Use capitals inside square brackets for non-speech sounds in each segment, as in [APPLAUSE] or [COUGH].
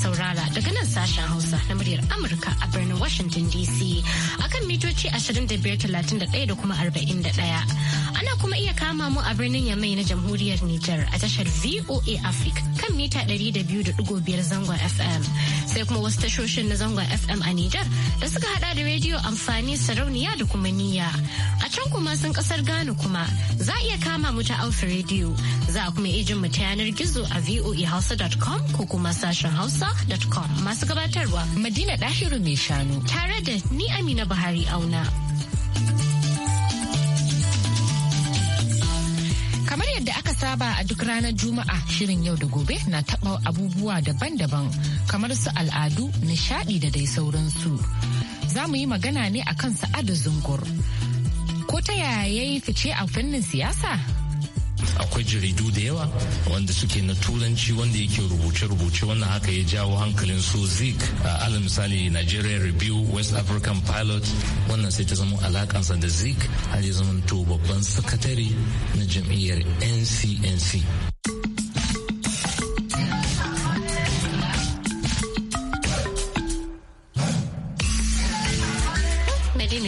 saurara daga nan sashen Hausa na muryar Amurka a birnin Washington DC akan mitoci 2531 da kuma 41. Ana kuma iya kama mu a birnin Yamai na Jamhuriyar Nijar a tashar VOA Africa kan mita 200.5 zangon FM. sai kuma wasu tashoshin na zangon FM a Nijar da suka hada da rediyo amfani sarauniya da kuma niyya. A can kuma sun kasar gano kuma za a iya kama mu ta Alfa rediyo za a kuma ijin mu ta yanar gizo a voehausa.com ko kuma sashen hausa.com masu gabatarwa Madina Dahiru mai shanu tare da ni Amina Buhari auna. saba a duk ranar Juma'a shirin yau da gobe na taɓa abubuwa daban-daban kamar su al'adu, nishaɗi da dai sauransu. Za mu yi magana ne akan sa'adu zungur. Ko ta yaya ya yi fice a fannin siyasa? akwai jaridu da yawa wanda suke na turanci wanda yake rubuce-rubuce wannan haka ya jawo hankalin su zik alal misali nigeria review west african pilot wannan sai ta zama alakansa da zik har ya zama to babban sakatare na jam'iyyar ncnc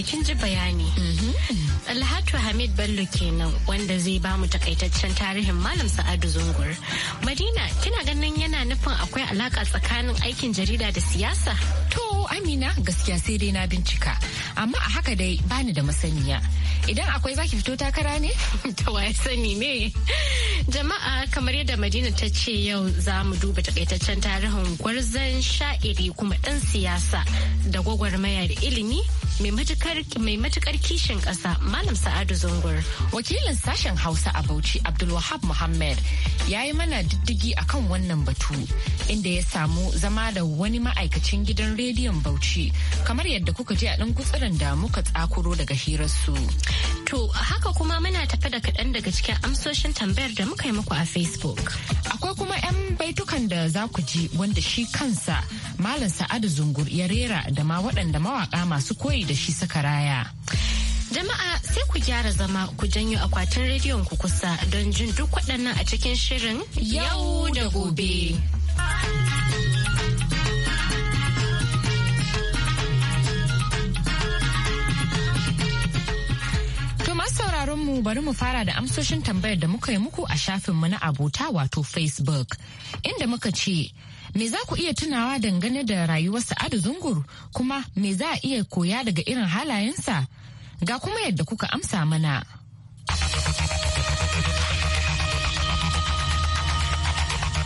kin ji bayani mhm. Alhatu Hamid Bello kenan wanda zai ba mu takaitaccen tarihin Malam Sa'adu Zungur. Madina, kina ganin yana nufin akwai alaka tsakanin aikin jarida da siyasa? To, Amina gaskiya sai dai na bincika, amma a haka dai bani da masaniya. Idan akwai zaki fito takara ne? [LAUGHS] Ta waye sani ne. Jama'a kamar yadda Madina ta ce yau za mu duba takaitaccen tarihin gwarzon sha'iri kuma ɗan siyasa da gwagwarmaya da ilimi mai matukar kishin ƙasa Malam Sa'adu Zungur, wakilin sashen Hausa a Bauchi Abdulwahab Muhammad ya yi mana diddigi akan wannan batu inda ya samu zama da wani ma'aikacin gidan rediyon Bauchi kamar yadda kuka ji a ɗan gutsiran da muka tsakuro daga hirarsu. To haka kuma muna tafe da kaɗan daga cikin amsoshin tambayar da muka yi muku a Facebook. Akwai kuma 'yan baitukan da za ku ji wanda shi kansa Malam Sa'adu Zungur ya rera da ma waɗanda mawaƙa masu koyi da shi suka raya. Jama'a sai ku gyara zama ku janyo akwatin rediyon ku kusa don jin duk waɗannan a cikin shirin yau da gobe. mu bari mu fara da amsoshin tambayar da muka yi muku a shafinmu na abota wato Facebook inda muka ce me za ku iya tunawa dangane da rayuwar Sa'adu Zungur kuma me za a iya koya daga irin halayensa Ga kuma yadda kuka amsa mana.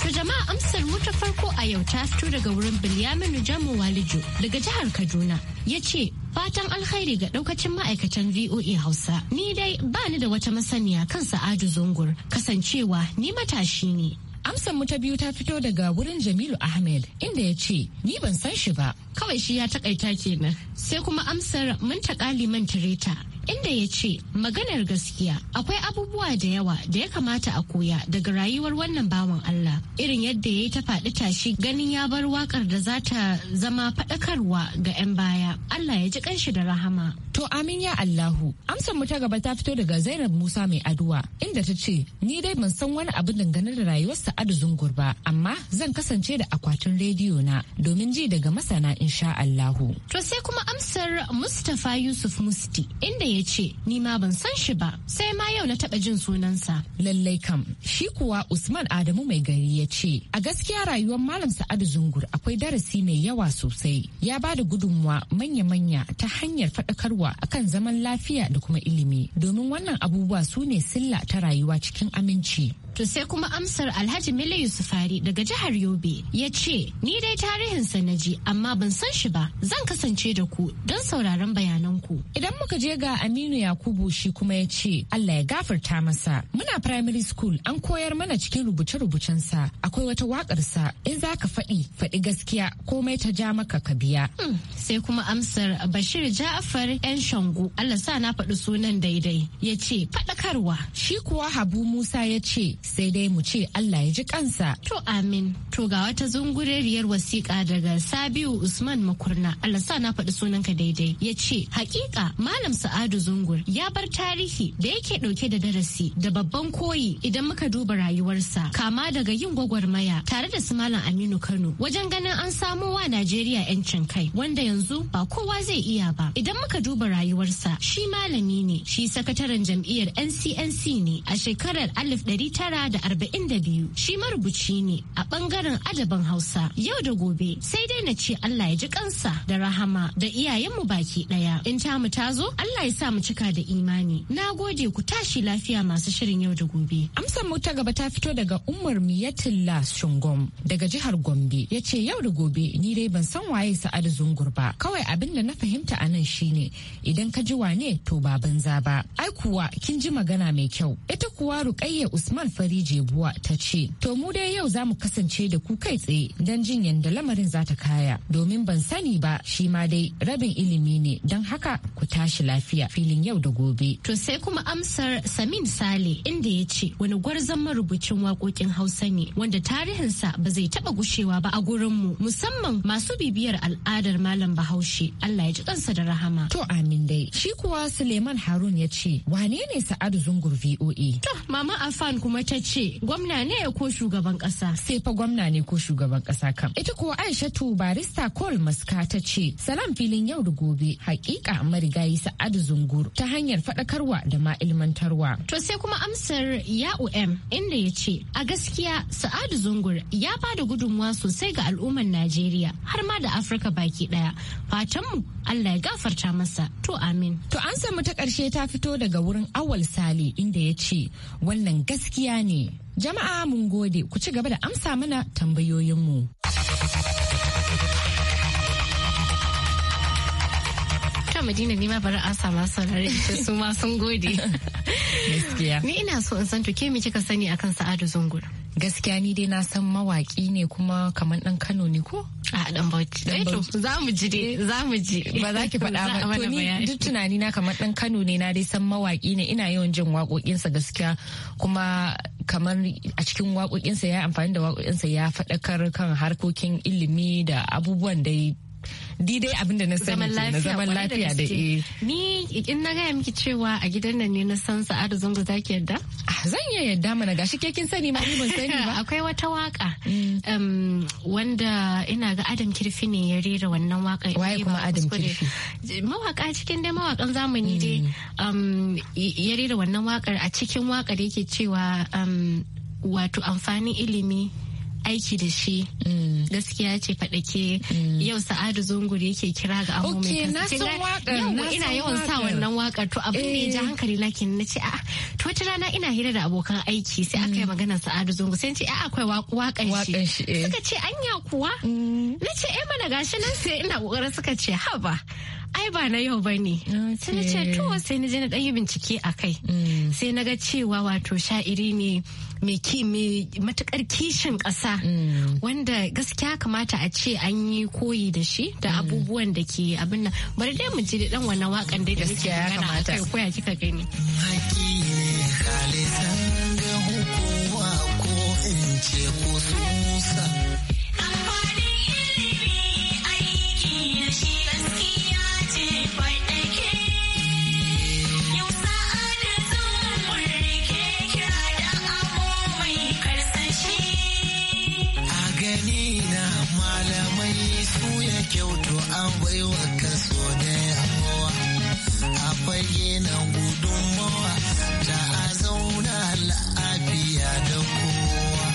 To jama'a amsar mu ta farko a yau ta fito daga wurin Bilyaminu Jamu Walijo daga jihar Kaduna ya ce fatan alkhairi ga daukacin ma'aikatan VOA Hausa. Ni dai bani da wata masaniya kan Sa'adu Zungur kasancewa ni matashi ne. Amsar mu ta biyu ta fito daga wurin Jamilu Ahmed inda ya ce ni ban san shi ba. Kawai shi ya takaita kenan. Sai kuma amsar mun taƙa liman tireta inda ya ce maganar gaskiya akwai abubuwa da yawa da ya kamata a koya daga rayuwar wannan bawan Allah irin yadda ya yi ta faɗi tashi ganin ya bar wakar da za ta zama faɗakarwa ga 'yan baya Allah ya ji kanshi da rahama. To amin ya Allahu amsar mu ta gaba ta fito daga Zainab Musa mai aduwa inda ta ce ni dai ban san wani abu dangane da rayuwar Sa'adu Zungur ba amma zan kasance da akwatin rediyo na domin ji daga masana insha Allahu. To sai kuma amsar Mustapha Yusuf Musti inda ya ya ce ni ma ban san shi ba sai ma yau na taɓa jin sunansa. Lallai kam shi kuwa Usman Adamu mai gari ya ce a gaskiya rayuwar Malam Sa'adu Zungur akwai darasi mai yawa sosai ya ba da gudunmuwa manya-manya ta hanyar faɗakarwa akan zaman lafiya da kuma ilimi domin wannan abubuwa su ne silla ta rayuwa cikin aminci. To sai kuma amsar Alhaji Mele Yusufari daga jihar Yobe ya ce, Ni dai tarihinsa na amma ban san shi ba zan kasance da ku don sauraron bayananku. Idan muka je ga Aminu Yakubu shi kuma ya ce, Allah ya gafarta masa. Muna primary school an koyar mana cikin rubuce-rubucensa akwai wata waƙarsa in za ka faɗi faɗi gaskiya komai ta ja maka ka biya. Hmm, sai kuma amsar Bashir Jafar 'yan Shangu Allah sa na faɗi sunan daidai ya ce faɗakarwa. Shi kuwa Habu Musa ya ce sai dai mu ce Allah ya ji kansa. To amin. To ga wata zungureriyar wasiƙa daga Sabiu Usman Makurna. Allah sa na faɗi sunanka daidai. Ya ce haƙiƙa Malam Sa'adu Zungur ya bar tarihi da yake ɗauke da darasi da babban koyi idan muka duba rayuwarsa kama daga yin gwagwarmaya tare da su Malam Aminu Kano wajen ganin an samo wa Najeriya 'yancin kai wanda yanzu ba kowa zai iya ba. Idan muka duba rayuwarsa shi malami ne shi sakataren jam'iyyar NCNC ne a shekarar alif 1900 da biyu shi marubuci ne a bangaren adabin Hausa yau da gobe sai dai na ce Allah ya ji kansa da rahama da iyayenmu baki daya in ta mu ta zo Allah ya sa mu cika da imani na gode ku tashi lafiya masu shirin yau da gobe amsar mu ta gaba ta fito daga Umar miyatilla Shungom daga jihar Gombe yace yau da gobe ni dai ban san waye Sa'adu Zungur ba kawai abin da na fahimta a nan shine idan ka ji wane to ba banza ba ai kuwa kin ji magana mai kyau ita kuwa Ruqayya Usman Fari Jebuwa ta ce, To mu dai yau zamu kasance da ku kai tsaye don jin yadda lamarin za ta kaya. Domin ban sani ba shi ma dai rabin ilimi ne don haka ku tashi lafiya filin yau da gobe. To sai kuma amsar Samin Sale inda ya ce wani gwarzon marubucin waƙoƙin Hausa ne wanda tarihinsa ba zai taɓa gushewa ba a gurinmu musamman masu bibiyar al'adar Malam Bahaushe Allah ya ji kansa da rahama. To amin dai. Shi kuwa Suleiman Harun ya ce wane ne Sa'adu Zungur VOA? To Mama Afan kuma ta ce gwamna ne ko shugaban kasa. Sai fa gwamna ne ko shugaban kasa kam. Ita kuwa Aishatu barista Cole Maska ta ce salam filin yau da gobe hakika marigayi Sa'adu Zungur ta hanyar fadakarwa da ma ilmantarwa. To sai kuma amsar ya UM inda ya ce a gaskiya Sa'adu Zungur ya ba da gudunmuwa sosai ga al'ummar Najeriya har ma da Afirka baki ɗaya. Fatanmu Allah ya gafarta masa to amin. To an mu ta ƙarshe ta fito daga wurin awal Sali inda ya ce wannan gaskiya ne. Jama'a mun gode ku ci gaba da amsa mana tambayoyinmu. ta madina ni bari an sama saurare [LAUGHS] su ma sun gode. Ni ina so in san to ke mi kika sani akan Sa'adu Zungur. gaskiya ni dai na san mawaki ne kuma kamar dan Kano ne ko a dan eh Bauchi za mu ji dai eh. za mu ji eh, ba za ki [LAUGHS] faɗa ba to ni duk tunani na kamar dan Kano ne na dai san mawaki ne ina yawan jin waƙoƙinsa gaskiya kuma kamar a cikin waƙoƙinsa ya amfani da waƙoƙinsa ya faɗakar kan harkokin ilimi da abubuwan da dai abin da na sani na zaman lafiya da ni in na gaya miki cewa a gidan nan ne na san sa'adu zango zaki yadda zan iya yadda mana gashi ke kin sani ma ban sani ba. [LAUGHS] Akwai wata waka mm. um, wanda ina ga Adam Kirfi ne ya rera wannan waka. Waye kuma Adam Kirfi? Mawaka cikin dai mawakan zamani dai mm. um, ya rera wannan wakar a cikin wakar yake cewa um, wato amfanin ilimi aiki da shi mm. gaskiya ce faɗake mm. yau sa'adu zunguri yake kira ga abu mai yau ina yawan sa wannan wakar to abin ne ja eh. hankali na na ce a'a to wata rana ina hira da abokan aiki sai aka yi mm. magana sa'adu zunguri sai ce a'a akwai wakan shi eh. suka ce anya kuwa na ce eh mana gashi nan sai ina kokarin suka ce haba ai ba na yau ba ne sai na ce to sai na je na dan yi bincike a kai mm. sai na ga cewa wato sha'iri ne mai matukar kishin ƙasa mm. wanda gaskiya kamata a ce an yi koyi da shi da mm. abubuwan da ke abin nan bari dai mu ji da dan wannan wakan dai da suke magana akai koya kika gani ce kyautu an baiwa kaso da yawa a fage gudun gudunmawa da a zauna la'afiya da kowa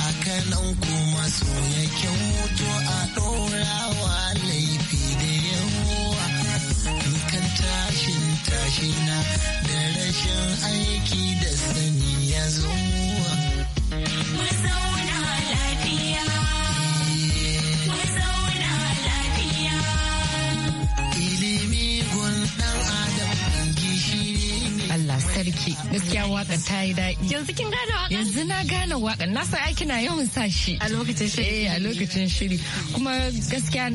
hakanan kuma so ya kyautu a ɗorawa laifi da yawa kan tashin tashina da rashin aiki da sani ya zama. gaskiya waka ta yi daɗi yanzu kin gane waka yanzu na gane waka na san aiki na yawan sa shi a lokacin shiri eh a lokacin shiri kuma gaskiya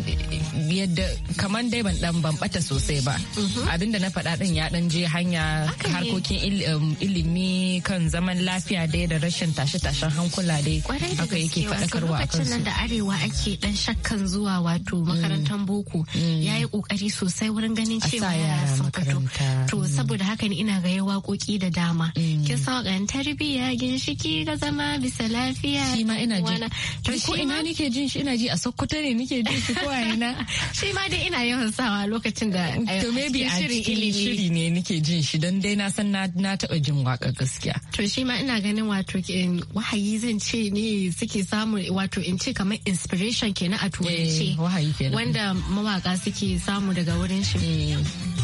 yadda kaman dai ban dan ban bata sosai ba mhm. abinda na faɗa din ya dan je hanya harkokin um, ilimi kan zaman lafiya dai da rashin tashe-tashen hankula dai haka yake faɗakarwa a kansu. da arewa ake dan shakkan zuwa wato mm. makarantar boko mm. ya kokari sosai wurin ganin cewa ya to mm. saboda haka ni ina ga yawa da dama kin sa wakan tarbiyya ginshiki ga zama bisa lafiya shi ma ina ji ko ina nake jin shi ina ji a sokoto ne nake jin shi ko a ina [LAUGHS] shi ma dai ina yawan sawa lokacin da to eh, maybe a cikin shiri ne nake jin shi dan dai na san na taba jin waka gaskiya to shi ma ina ganin wato wahayi zan ce ne suke samu wato in ce kamar inspiration kenan a turance eh, wanda mawaka suke samu daga wurin shi eh.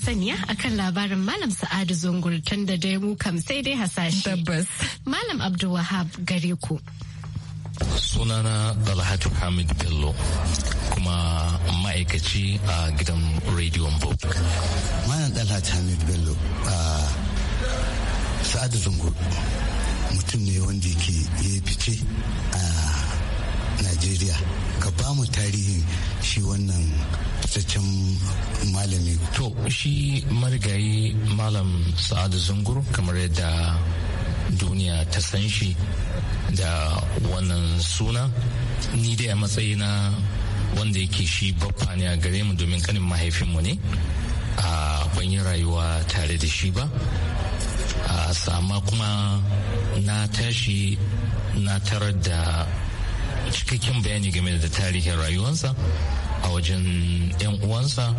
masaniya kan labarin Malam Sa'adu Zungur tun da dai mu kam sai dai hasashe. Tabbas. Malam Abdulwahab gare ku. Sunana Dalhatu Hamid Bello kuma ma'aikaci a gidan Radio Bob. Malam Dalhatu Hamid Bello a Sa'adu Zungur mutum ne wanda ke ya fice a najeriya ka ba mu tarihin shi wannan fitaccen malami to shi marigayi malam sa'adu zungur kamar yadda duniya ta san shi da wannan suna ni dai a matsayi na wanda yake shi babba ne a gare mu domin kanin mahaifinmu ne a ban yi rayuwa tare da shi ba a sama kuma na tashi na tarar da cikakken bayani game da tarihin rayuwansa a wajen 'yan uwansa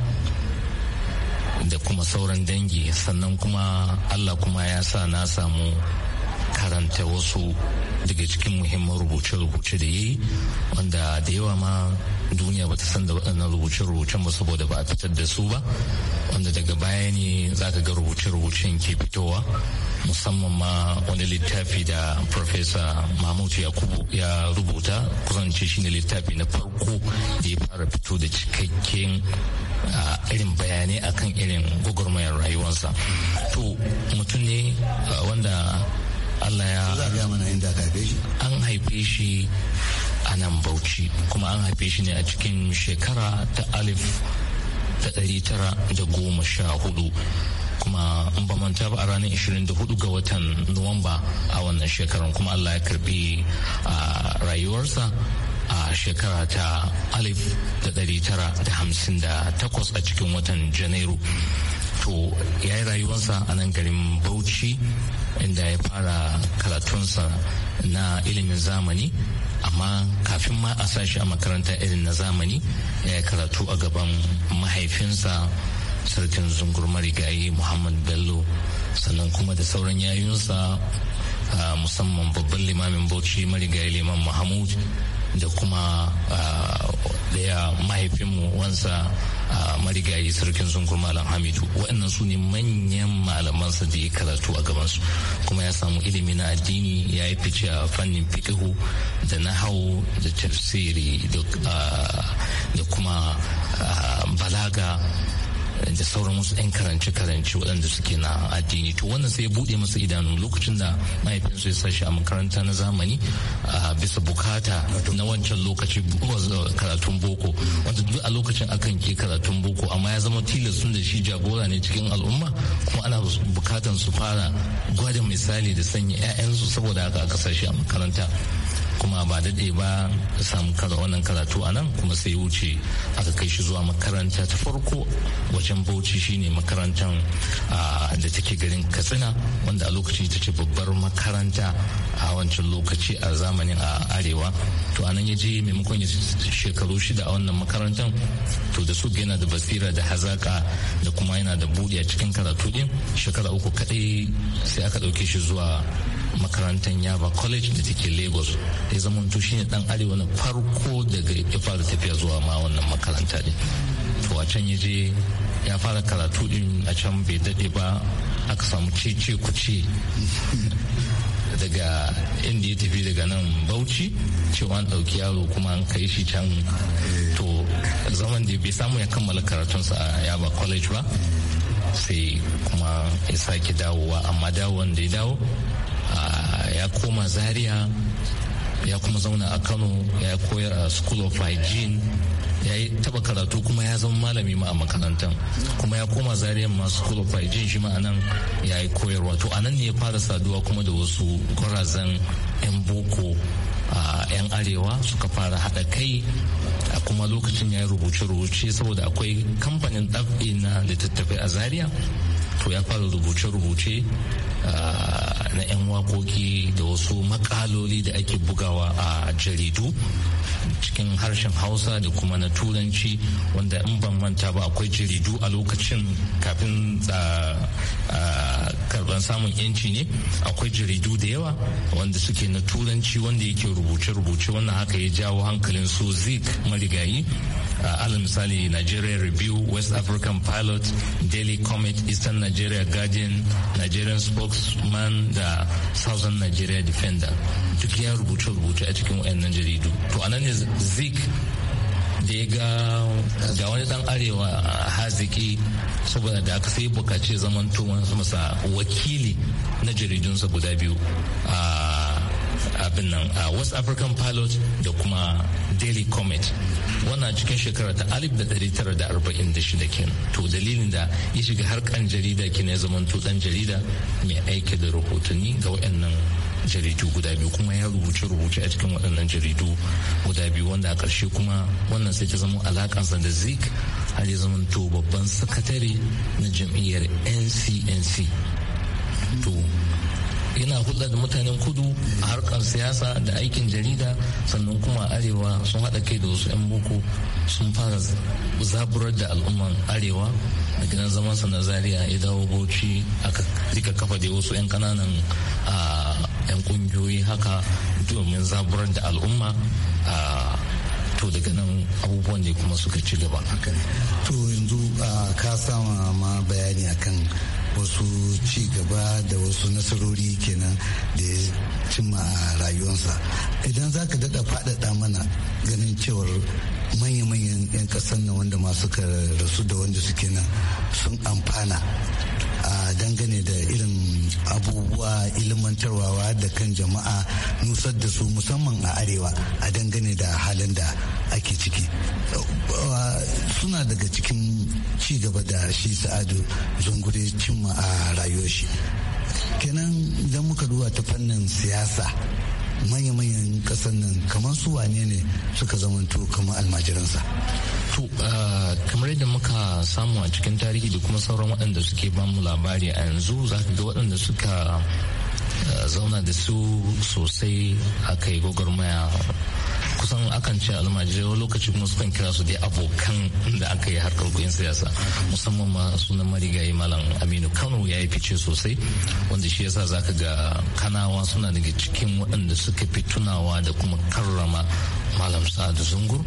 da kuma sauran dangi sannan kuma allah kuma ya sa na samu karanta wasu daga cikin muhimman rubuce-rubuce da ya yi wanda da yawa ma duniya ba ta san da waɗannan rubuce-rubucen ba saboda ba a fitar da su ba wanda daga baya ne za ka ga rubuce-rubucen ke fitowa musamman ma wani littafi da Profesa Mahmud Yakubu ya rubuta kusance shine littafi na farko da ya fara fito da cikakken irin bayanai akan irin gwagwarmayar rayuwarsa. To mutum ne wanda Allah ya. An haife shi anan bauchi kuma an haife shi ne a cikin shekara ta alif ta dari tara da goma sha hudu kuma ba manta ba a ranar 24 ga watan nuwamba a wannan shekarar kuma allah ya karbi a rayuwarsa a shekara ta alif da dari tara da hamsin da takwas a cikin watan janairu to ya yi rayuwarsa a nan garin bauchi inda ya fara karatunsa na ilimin zamani amma kafin ma a sashi a makaranta irin na zamani ya karatu a gaban mahaifinsa sarkin zungur marigayi muhammad bello sannan kuma da sauran yayunsa musamman babban limamin bauchi marigayi liman mahmud da kuma daya mahaifinmu wansa a marigayi sarkin zungur malam hamidu waɗannan su ne manyan malamansa da ya karatu a gabansu kuma ya samu ilimi na addini ya yi fice a fannin fiƙihu da nahawu da tafsiri da kuma balaga da sauran wasu 'yan karance-karance waɗanda suke na addini to wannan sai ya buɗe masa idanu lokacin da mahaifinsu ya sashi a makaranta na zamani a bisa bukata na wancan lokaci uh, karatun boko wanda duk a lokacin akan ke karatun boko amma ya zama tilas tun da shi jagora ne cikin al'umma kuma ana bukatan su fara gwada misali da sanya 'ya'yansu saboda haka aka sashi a makaranta kuma ba daɗe ba samu kala wannan karatu a nan kuma sai wuce aka kai shi zuwa makaranta ta farko wajen bauchi shine makarantar da take garin katsina wanda a lokaci ta ce babbar makaranta a wancan lokaci a zamanin a arewa to anan ya je maimakon ya shekaru shida a wannan makarantar to da su yana da basira da hazaka da kuma yana da buɗe a cikin karatu din shekara uku kaɗai sai aka ɗauke shi zuwa makarantar yaba college da take lagos ya zamanto shine dan arewa na farko daga ya fara tafiya zuwa ma wannan makaranta ne to a can ya je ya fara karatu din a can bai dade ba aka samu cece kuce daga inda ya tafi daga nan bauchi cewa an ɗauki yaro kuma an kai shi can to zaman da bai samu ya kammala karatunsa a yaba college ba sai kuma ya sake dawowa amma dawon da ya dawo Ah, ya koma zaria ya kuma zauna a kano ya koyar a school of hygiene ya yi taba karatu kuma ya zama malami ma a makarantar kuma ya koma Zariya ma school of hygiene shi ma a nan ya yi koyarwa to a nan ne ya fara saduwa kuma da wasu gwarazan 'yan boko a ah, 'yan arewa suka fara haɗa kai a kuma lokacin ya yi rubuce-rubuce saboda akwai kamfanin ɗab'i na littattafai a Zariya. to ya fara rubuce-rubuce ah, na 'yan wakoki da wasu makaloli da ake bugawa a jaridu cikin harshen hausa da kuma na turanci wanda in ban manta ba akwai jaridu a lokacin kafin ah, ah, karban samun yanci ne akwai jaridu da yawa wanda suke na turanci wanda yake rubuce-rubuce wannan haka ya jawo hankalin su zik marigayi alal misali nigeria review west african pilot daily comet eastern nigeria guardian nigerian spokesman da southern nigeria defender duk ya rubuce-rubuce a cikin wayannan jaridu to anan ne zik da ya ga da wani dan arewa haziki saboda da aka sai bukaci zaman tuwon masa wakili na jaridunsa guda biyu a abin nan a west african pilot da kuma daily comet wannan cikin shekara ta alif da da 1946 kenan to dalilin da ya shiga har kan jarida kenan ya zama dan jarida mai aiki da rahotanni ga waɗannan jaridu guda biyu kuma ya rubuce rubuce a cikin waɗannan jaridu guda biyu wanda a ƙarshe kuma wannan sai ta zama alaƙansa da zik har ya zama to babban sakatare na jam'iyyar ncnc to yana hulɗa da mutanen kudu a harkar siyasa da aikin jarida sannan kuma arewa sun haɗa kai da wasu 'yan boko sun fara zaburar da al'umman arewa da gidan zaman sa na zaria ya dawo bauchi aka rika kafa da wasu 'yan kananan a 'yan kungiyoyi haka domin zaburar da al'umma to daga nan abubuwan ne kuma suka ci gaba to yanzu ka sama ma bayani akan wasu ci gaba da wasu nasarori kenan da ya cimma a rayuwarsa idan za ka daɗa faɗaɗa mana ganin cewar manya-manyan 'yan ƙasar na wanda masu rasu da wanda suke nan sun amfana dangane da irin abubuwa ilmantarwa da kan jama'a nusar da su musamman a arewa a dangane da halin da ake ciki suna daga cikin ci gaba da shi sa'adu zungure cimma a rayuwar shi kenan idan muka duba ta fannin siyasa manya-manyan kasan nan kamar su wane ne suka zamanto kamar almajiransa to ah, kamar yadda muka samu a cikin tarihi da kuma sauran waɗanda suke bamu labari a yanzu za ka ga waɗanda suka ah, zauna da su sosai a kai gwagwarmaya kusan akan ce almajirai wani lokaci kuma sukan kira su dai abokan da aka yi harkar goyon siyasa musamman ma sunan marigayi malam aminu kano ya yi fice sosai wanda shi yasa zaka ga kanawa suna daga cikin waɗanda suka fi tunawa da kuma karrama malam sa'adu zungu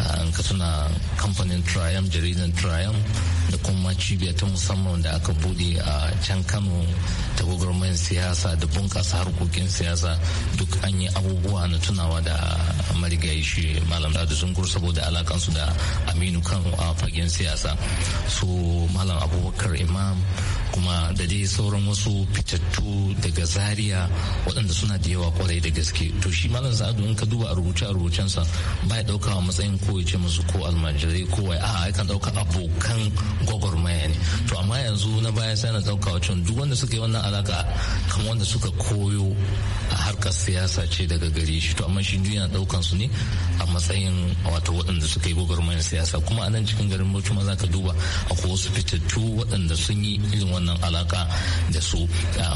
an ah, ka tuna kamfanin triam jaridan triam da kuma cibiya ta musamman da aka bude a can kano ta gwagwarmayar siyasa da bunƙasa harkokin siyasa duk an yi abubuwa na tunawa da marigayi shi malam da zungur saboda alakansu da aminu kano a fagen siyasa su malam abubakar imam kuma da dai sauran wasu fitattu daga zaria waɗanda suna da yawa kwarai da gaske to shi malam sa'adu in ka duba a rubuce a rubucensa ba ya ɗauka a matsayin ko ya ce musu ko almajirai ko wai a'a kan ɗauka abokan gwagwarmaya ne to amma yanzu na baya sai na ɗauka wacan duk wanda suka yi wannan alaka kan wanda suka koyo a harkar siyasa ce daga gare shi to amma shi duniya ɗaukan su ne a matsayin wato waɗanda suka yi gwagwarmayar siyasa kuma a nan cikin garin bauchi ma za ka duba akwai wasu fitattu waɗanda sun yi irin wannan alaka da su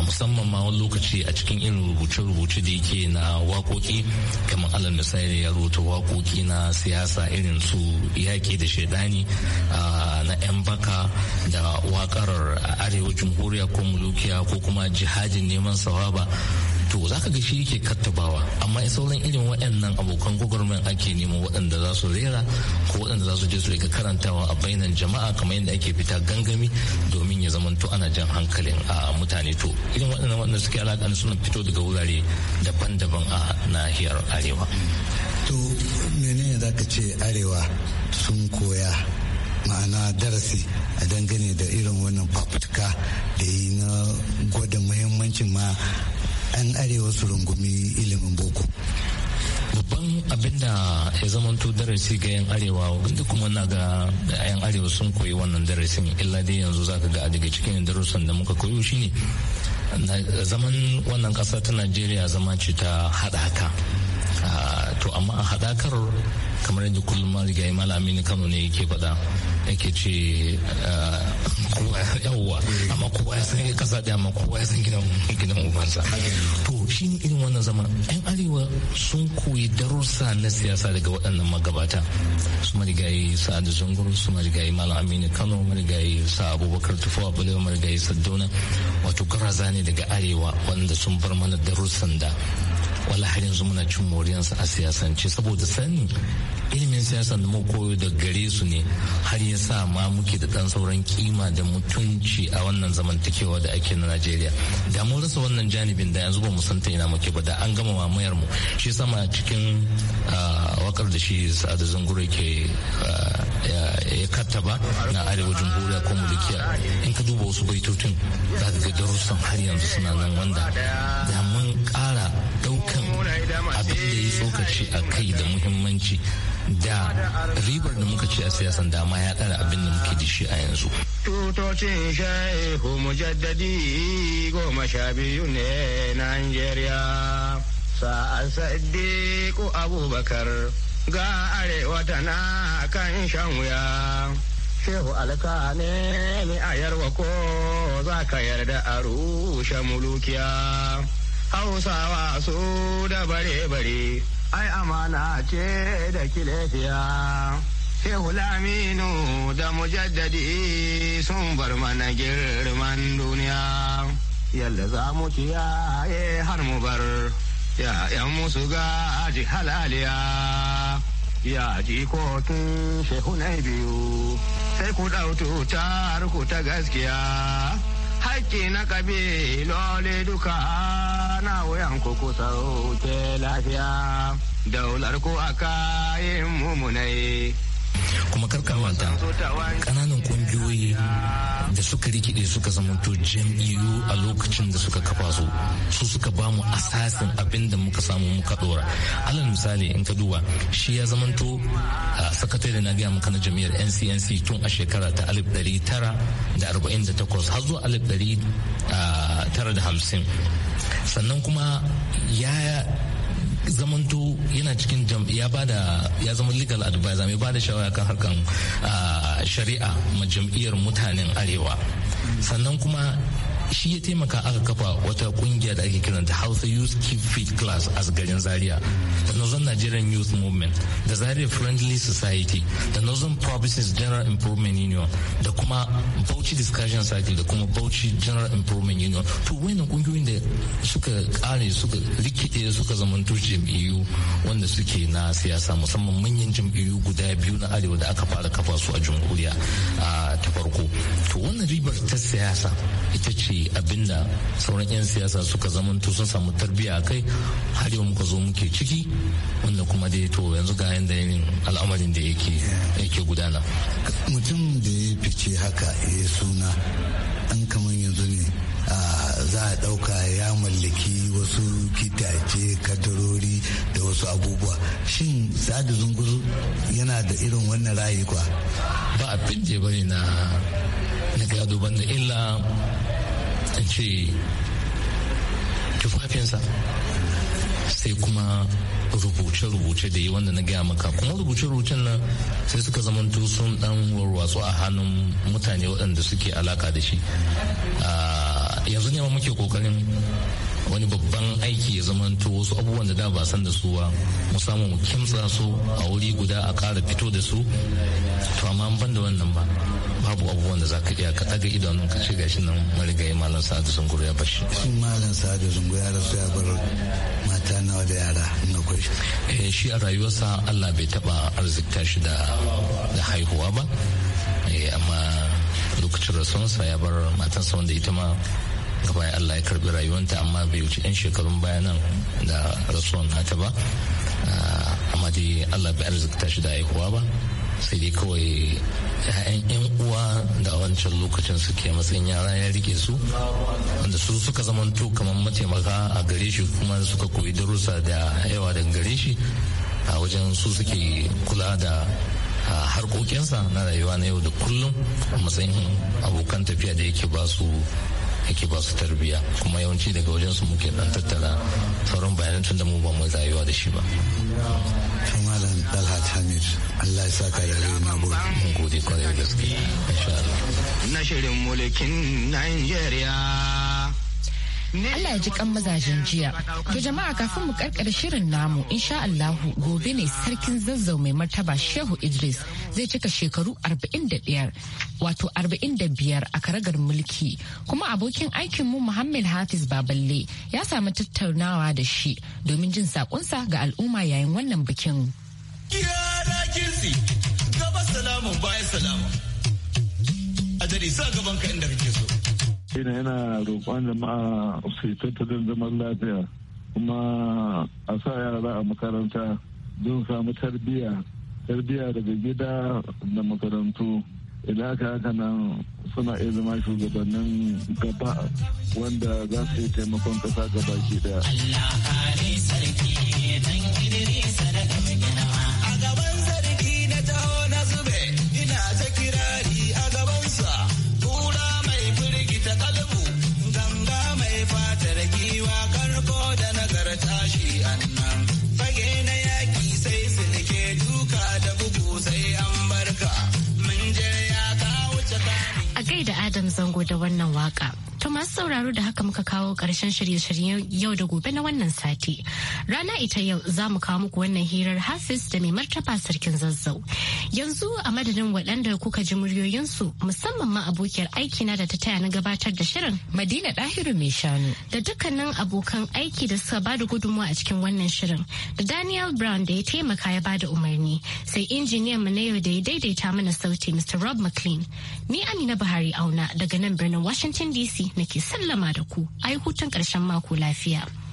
musamman ma wani lokaci a cikin irin rubuce-rubuce da yake na wakoki kamar alal misali ya rubuta wakoki na siyasa irin su yaƙi da shaidani na 'yan baka da wakarar arewa jamhuriya ko mulukiya ko kuma jihadin neman sawaba to za ka ga shi yake kattabawa amma sauran irin waɗannan abokan gwagwarmen ake neman waɗanda za su rera ko waɗanda za su je su rika karantawa a bainan jama'a kamar yadda ake fita gangami domin ya to ana jan hankalin a mutane to irin waɗannan waɗanda suke alaƙa suna fito daga wurare daban-daban a nahiyar arewa to menene za ka ce arewa sun koya ma'ana darasi a dangane da irin wannan fafutuka da yi na gwada muhimmancin ma 'yan arewa su rungumi ilimin boko babban abin da ya zamanto darasi ga yan arewa wanda kuma na ga yan arewa sun koyi wannan darasin illa dai yanzu za ka ga daga cikin darussan da muka koyo shine zaman wannan kasa ta najeriya zama ce ta haɗaka to amma a haɗakar kamar yadda kullum marigayi malami kano ne yake faɗa yake ce yawwa amma kowa ya san kasa da amma kowa ya san gidan ubansa to ne irin wannan zaman yan arewa sun koyi darussa na siyasa daga waɗannan magabata su marigayi sa'adu zungur su marigayi malam aminu kano marigayi sa abubakar a bulewa marigayi saddauna wato garaza ne daga arewa wanda sun bar mana darussan da wala har yanzu muna cin moriyansa a siyasance saboda sani ilimin siyasa da muka koyo da gare su ne har ya sa ma muke da ɗan sauran kima da mutunci a wannan zamantakewa da ake na Najeriya da mun rasa wannan janibin da yanzu ba mu san ta ina muke ba da an gama mamayar mu shi sama cikin ah, wakar da shi Sa'adu Zangure ke ah, ya ba. na arewa jamhuriya ko mulkiya in ka duba wasu baitutun za ka ga darussan har yanzu suna nan wanda da mun kara abin da ya tsokaci a kai da muhimmanci da ribar da muka ci a siyasan dama ya kara abin da muke da shi a yanzu. Tutocin shehu mujaddadi goma sha biyu ne Najeriya. Sa'ad Sadiku Abubakar ga arewa tana kan shan wuya. Shehu alka ne a yarwa ko za ka yarda a rushe mulukiya. hausawa su da bare-bare ai amana ce da kilefiya shehu laminu da mujaddadi sun bar mana girman duniya yadda za mu kiyaye har mu bar ya'yan musu gaji halaliya ya ji shehu na biyu sai ku ɗautu ta ta gaskiya haƙƙi na ƙabilole duka na wuyan kuku sauke lafiya daular ko a kayan mumunai. Kuma ta ƙananan kungiyoyi suka rikide suka zamanto jam'iyyu a lokacin da suka kafa su su suka ba mu asasin abin da muka samu muka dora alal misali in ka duba shi ya zamanto sakatare na gaya maka na jam'iyyar ncnc tun a shekara ta 1948 har zuwa 1950 sannan kuma ya zamanto yana cikin ba da ya zama legal advisor mai bada shawara kan harkan ah, shari'a ma jam'iyyar mutanen arewa sannan kuma shi ya taimaka aka kafa wata kungiya da ake kiran kiranta Hausa Youth Keep Fit Class a garin Zaria da Northern Nigerian Youth Movement da Zaria Friendly Society da Northern Provinces General Improvement Union da kuma Bauchi Discussion Society da kuma Bauchi General Improvement Union to wani kungiyoyin da suka kare suka rikide suka zamanto jam'iyyu wanda suke na siyasa musamman manyan jam'iyyu guda biyu na arewa da aka fara kafa su a jamhuriya ta farko to wannan ribar ta siyasa ita ce rufe abinda sauran 'yan siyasa suka zamanto sun samu tarbiyya a kai har yau muka zo muke ciki wanda kuma dai to yanzu ga yanda yin al'amarin da yake gudana mutum da ya fice haka ya suna an kamar yanzu ne za a ɗauka ya mallaki wasu kitace kadarori da wasu abubuwa shin sadu zunguru yana da irin wannan rayu kwa ba a da bane na gado banda illa ta ce tufafinsa sai kuma rubuce-rubuce da yi wanda na gaya maka kuma rubuce-rubucen nan sai suka zama sun dan warwatsu a hannun mutane waɗanda suke alaka da shi ah, yanzu ne muke kokarin wani babban aiki ya zamanto wasu abubuwan da da ba san da su ba mu samu mu kimtsa su a wuri guda a ƙara fito da su to amma ban da wannan ba babu abubuwan da za ka iya ka ɗaga idanu ka shiga shi nan marigayi malam sa'adu zunguru ya shi. malam sa'adu zunguru ya rasu ya bar mata nawa da yara na kwai. eh shi a rayuwarsa Allah bai taɓa arzikta shi da haihuwa ba eh, amma lokacin rasuwarsa ya bar matarsa wanda ita ma ta baya allah ya karbi rayuwanta amma bai wuce 'yan shekarun baya nan da rasuwan nata ba ah, amma dai allah bai arzikta tashi da haihuwa ba sai dai kawai 'ya'yan 'yan uwa da wancan lokacin suke matsayin yara ya rike su wanda su suka zamanto kamar mataimaka a gare shi kuma suka koyi darussa da yawa daga gare shi a wajen su suke kula da harkokinsa na rayuwa na yau da kullum a matsayin abokan tafiya da yake ba su ake ba su tarbiya kuma yawanci daga wajen su muke dan tattara sauran bayanan tun da mu ba mu rayuwa da shi ba malam dalhat hamid allah ya sa ka yi na mu mun gode kwarai gaske insha Allah na shirin mulkin Najeriya Allah ya ji kan mazajen jiya. To jama'a kafin mu karkar shirin namu insha Allahu gobe ne sarkin zazzau mai martaba Shehu Idris zai cika shekaru 41 wato 45 a karagar mulki kuma abokin aikin mu Muhammad Hafiz Baballe ya samu tattaunawa da shi domin jin sakonsa ga al'umma yayin wannan bikin. Yara gaba salamun bayan salamun. A dare sa gaban ka inda kake so. shine yana roƙon jama'a su tattalin zaman lafiya kuma a sa yara a makaranta don samu tarbiyya tarbiyya daga gida da makarantu idan aka haka nan suna iya zama shugabannin gaba wanda za su yi taimakon ƙasa gaba ke daya. zango da wannan waka. To masu sauraro da haka muka kawo ƙarshen shirye-shiryen yau da gobe na wannan sati. Rana ita yau za mu kawo muku wannan hirar Hafiz da mai martaba sarkin zazzau. Yanzu a madadin waɗanda kuka ji muryoyinsu musamman ma abokiyar aikina da ta taya na gabatar da shirin. Madina Dahiru mai shanu. Da dukkanin abokan aiki da suka bada gudunmawa a cikin wannan shirin. Da Daniel Brown da ya taimaka ya bada umarni. Sai injiniyan mu na yau da ya daidaita mana sauti Mr. Rob McLean. Ni Amina Buhari Auna daga nan birnin Washington DC. nake sallama da ku ai hutun ƙarshen mako lafiya.